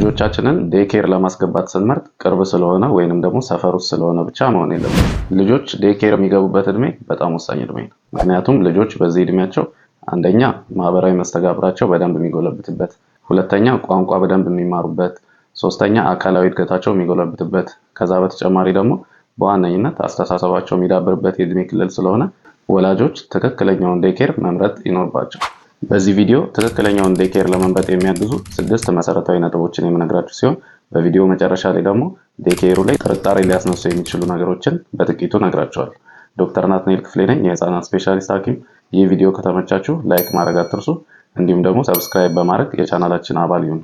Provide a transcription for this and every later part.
ልጆቻችንን ዴኬር ለማስገባት ስንመርጥ ቅርብ ስለሆነ ወይንም ደግሞ ሰፈር ውስጥ ስለሆነ ብቻ መሆን የለም። ልጆች ዴኬር የሚገቡበት እድሜ በጣም ወሳኝ እድሜ ነው። ምክንያቱም ልጆች በዚህ እድሜያቸው አንደኛ ማህበራዊ መስተጋብራቸው በደንብ የሚጎለብትበት፣ ሁለተኛ ቋንቋ በደንብ የሚማሩበት፣ ሶስተኛ አካላዊ እድገታቸው የሚጎለብትበት፣ ከዛ በተጨማሪ ደግሞ በዋነኝነት አስተሳሰባቸው የሚዳብርበት የእድሜ ክልል ስለሆነ ወላጆች ትክክለኛውን ዴኬር መምረጥ ይኖርባቸው በዚህ ቪዲዮ ትክክለኛውን ዴኬር ለመምረጥ የሚያግዙ ስድስት መሰረታዊ ነጥቦችን የምነግራችሁ ሲሆን በቪዲዮ መጨረሻ ላይ ደግሞ ዴኬሩ ላይ ጥርጣሬ ሊያስነሱ የሚችሉ ነገሮችን በጥቂቱ ነግራችኋል። ዶክተር ናትናኤል ክፍሌ ነኝ፣ የህፃናት ስፔሻሊስት ሐኪም። ይህ ቪዲዮ ከተመቻችሁ ላይክ ማድረግ አትርሱ፣ እንዲሁም ደግሞ ሰብስክራይብ በማድረግ የቻናላችን አባል ይሁኑ።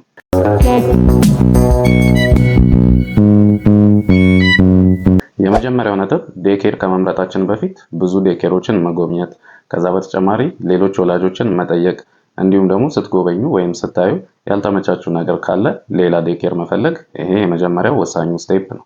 የመጀመሪያው ነጥብ ዴኬር ከመምረጣችን በፊት ብዙ ዴኬሮችን መጎብኘት ከዛ በተጨማሪ ሌሎች ወላጆችን መጠየቅ እንዲሁም ደግሞ ስትጎበኙ ወይም ስታዩ ያልተመቻችሁ ነገር ካለ ሌላ ዴኬር መፈለግ፣ ይሄ የመጀመሪያው ወሳኙ ስቴፕ ነው።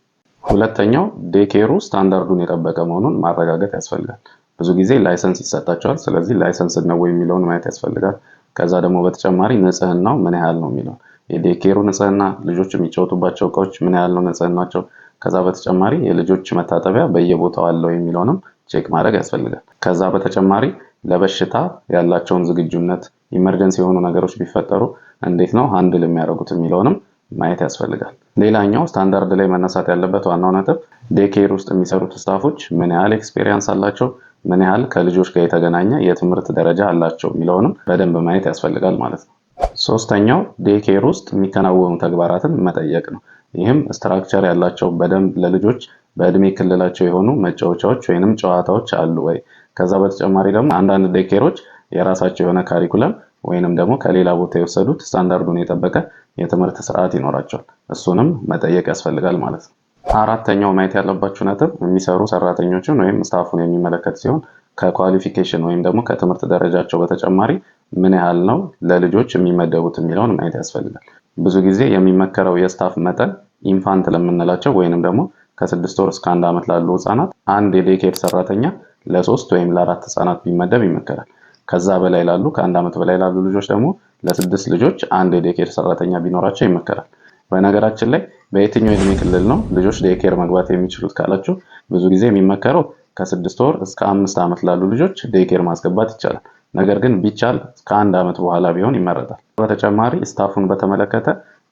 ሁለተኛው ዴኬሩ ስታንዳርዱን የጠበቀ መሆኑን ማረጋገጥ ያስፈልጋል። ብዙ ጊዜ ላይሰንስ ይሰጣቸዋል። ስለዚህ ላይሰንስ ነው የሚለውን ማየት ያስፈልጋል። ከዛ ደግሞ በተጨማሪ ንጽህናው ምን ያህል ነው የሚለው የዴኬሩ ንጽህና፣ ልጆች የሚጫወቱባቸው እቃዎች ምን ያህል ነው ንጽህናቸው። ከዛ በተጨማሪ የልጆች መታጠቢያ በየቦታው አለው የሚለውንም ቼክ ማድረግ ያስፈልጋል። ከዛ በተጨማሪ ለበሽታ ያላቸውን ዝግጁነት ኢመርጀንሲ የሆኑ ነገሮች ቢፈጠሩ እንዴት ነው ሀንድል የሚያደርጉት የሚለውንም ማየት ያስፈልጋል። ሌላኛው ስታንዳርድ ላይ መነሳት ያለበት ዋናው ነጥብ ዴኬር ውስጥ የሚሰሩት ስታፎች ምን ያህል ኤክስፔሪየንስ አላቸው፣ ምን ያህል ከልጆች ጋር የተገናኘ የትምህርት ደረጃ አላቸው የሚለውንም በደንብ ማየት ያስፈልጋል ማለት ነው። ሶስተኛው ዴኬር ውስጥ የሚከናወኑ ተግባራትን መጠየቅ ነው። ይህም ስትራክቸር ያላቸው በደንብ ለልጆች በእድሜ ክልላቸው የሆኑ መጫወቻዎች ወይንም ጨዋታዎች አሉ ወይ? ከዛ በተጨማሪ ደግሞ አንዳንድ ዴኬሮች የራሳቸው የሆነ ካሪኩለም ወይንም ደግሞ ከሌላ ቦታ የወሰዱት ስታንዳርዱን የጠበቀ የትምህርት ስርዓት ይኖራቸዋል። እሱንም መጠየቅ ያስፈልጋል ማለት ነው። አራተኛው ማየት ያለባችሁ ነጥብ የሚሰሩ ሰራተኞችን ወይም ስታፉን የሚመለከት ሲሆን ከኳሊፊኬሽን ወይም ደግሞ ከትምህርት ደረጃቸው በተጨማሪ ምን ያህል ነው ለልጆች የሚመደቡት የሚለውን ማየት ያስፈልጋል። ብዙ ጊዜ የሚመከረው የስታፍ መጠን ኢንፋንት ለምንላቸው ወይንም ደግሞ ከስድስት ወር እስከ አንድ ዓመት ላሉ ህጻናት አንድ የዴይኬር ሰራተኛ ለሶስት ወይም ለአራት ህጻናት ቢመደብ ይመከራል። ከዛ በላይ ላሉ ከአንድ ዓመት በላይ ላሉ ልጆች ደግሞ ለስድስት ልጆች አንድ የዴይኬር ሰራተኛ ቢኖራቸው ይመከራል። በነገራችን ላይ በየትኛው የእድሜ ክልል ነው ልጆች ዴኬር መግባት የሚችሉት ካላችሁ፣ ብዙ ጊዜ የሚመከረው ከስድስት ወር እስከ አምስት ዓመት ላሉ ልጆች ዴኬር ማስገባት ይቻላል። ነገር ግን ቢቻል ከአንድ ዓመት በኋላ ቢሆን ይመረጣል። በተጨማሪ ስታፉን በተመለከተ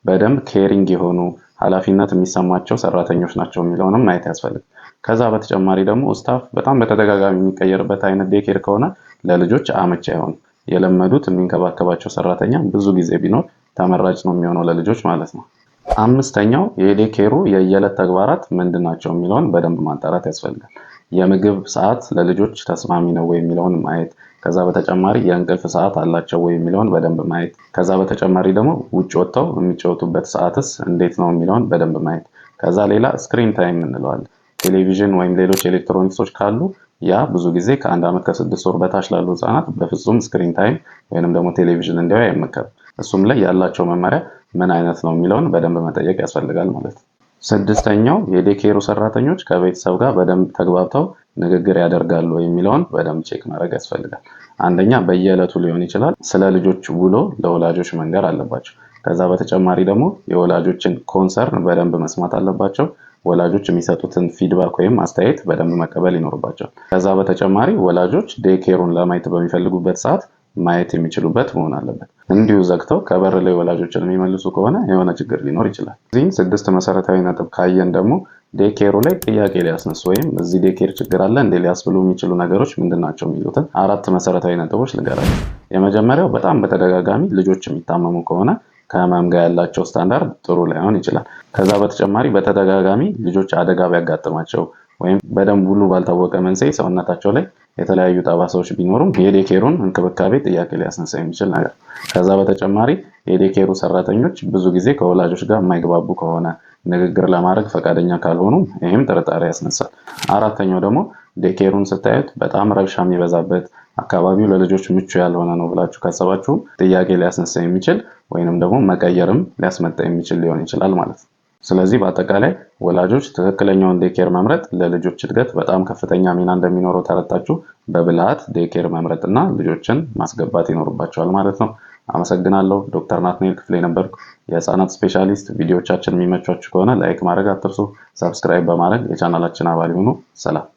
በደንብ ኬሪንግ የሆኑ ኃላፊነት የሚሰማቸው ሰራተኞች ናቸው የሚለውንም ማየት ያስፈልግ። ከዛ በተጨማሪ ደግሞ ስታፍ በጣም በተደጋጋሚ የሚቀየርበት አይነት ዴኬር ከሆነ ለልጆች አመቺ አይሆንም። የለመዱት የሚንከባከባቸው ሰራተኛ ብዙ ጊዜ ቢኖር ተመራጭ ነው የሚሆነው ለልጆች ማለት ነው። አምስተኛው የዴኬሩ የየዕለት ተግባራት ምንድን ናቸው የሚለውን በደንብ ማጣራት ያስፈልጋል። የምግብ ሰዓት ለልጆች ተስማሚ ነው የሚለውን ማየት ከዛ በተጨማሪ የእንቅልፍ ሰዓት አላቸው ወይ የሚለውን በደንብ ማየት። ከዛ በተጨማሪ ደግሞ ውጭ ወጥተው የሚጫወቱበት ሰዓትስ እንዴት ነው የሚለውን በደንብ ማየት። ከዛ ሌላ ስክሪን ታይም እንለዋለን። ቴሌቪዥን ወይም ሌሎች ኤሌክትሮኒክሶች ካሉ ያ ብዙ ጊዜ ከአንድ ዓመት ከስድስት ወር በታች ላሉ ህጻናት በፍጹም ስክሪን ታይም ወይንም ደግሞ ቴሌቪዥን እንዲያው አይመከርም። እሱም ላይ ያላቸው መመሪያ ምን አይነት ነው የሚለውን በደንብ መጠየቅ ያስፈልጋል ማለት ነው። ስድስተኛው የዴኬሩ ሰራተኞች ከቤተሰብ ጋር በደንብ ተግባብተው ንግግር ያደርጋሉ የሚለውን በደንብ ቼክ ማድረግ ያስፈልጋል። አንደኛ በየዕለቱ ሊሆን ይችላል። ስለ ልጆች ውሎ ለወላጆች መንገር አለባቸው። ከዛ በተጨማሪ ደግሞ የወላጆችን ኮንሰርን በደንብ መስማት አለባቸው። ወላጆች የሚሰጡትን ፊድባክ ወይም አስተያየት በደንብ መቀበል ይኖርባቸዋል። ከዛ በተጨማሪ ወላጆች ዴኬሩን ለማየት በሚፈልጉበት ሰዓት ማየት የሚችሉበት መሆን አለበት። እንዲሁ ዘግተው ከበር ላይ ወላጆችን የሚመልሱ ከሆነ የሆነ ችግር ሊኖር ይችላል። እዚህም ስድስት መሰረታዊ ነጥብ ካየን ደግሞ ዴኬሩ ላይ ጥያቄ ሊያስነሱ ወይም እዚህ ዴኬር ችግር አለ እንዴ ሊያስብሉ የሚችሉ ነገሮች ምንድን ናቸው የሚሉትን አራት መሰረታዊ ነጥቦች ልንገራቸው። የመጀመሪያው በጣም በተደጋጋሚ ልጆች የሚታመሙ ከሆነ ከህመም ጋር ያላቸው ስታንዳርድ ጥሩ ላይሆን ይችላል። ከዛ በተጨማሪ በተደጋጋሚ ልጆች አደጋ ቢያጋጥማቸው ወይም በደንብ ሁሉ ባልታወቀ መንስኤ ሰውነታቸው ላይ የተለያዩ ጠባሳዎች ቢኖሩም የዴኬሩን እንክብካቤ ጥያቄ ሊያስነሳ የሚችል ነገር። ከዛ በተጨማሪ የዴኬሩ ሰራተኞች ብዙ ጊዜ ከወላጆች ጋር የማይግባቡ ከሆነ ንግግር ለማድረግ ፈቃደኛ ካልሆኑ ይህም ጥርጣሬ ያስነሳል። አራተኛው ደግሞ ዴኬሩን ስታዩት በጣም ረብሻ የሚበዛበት አካባቢው ለልጆች ምቹ ያልሆነ ነው ብላችሁ ካሰባችሁ ጥያቄ ሊያስነሳ የሚችል ወይንም ደግሞ መቀየርም ሊያስመጣ የሚችል ሊሆን ይችላል ማለት ነው። ስለዚህ በአጠቃላይ ወላጆች ትክክለኛውን ዴኬር መምረጥ ለልጆች እድገት በጣም ከፍተኛ ሚና እንደሚኖረው ተረታችሁ በብልሃት ዴኬር መምረጥ እና ልጆችን ማስገባት ይኖርባቸዋል ማለት ነው። አመሰግናለሁ። ዶክተር ናትናኤል ክፍሌ ነበርኩ፣ የህፃናት ስፔሻሊስት። ቪዲዮቻችን የሚመቿችሁ ከሆነ ላይክ ማድረግ አትርሱ። ሰብስክራይብ በማድረግ የቻናላችን አባል ይሁኑ። ሰላም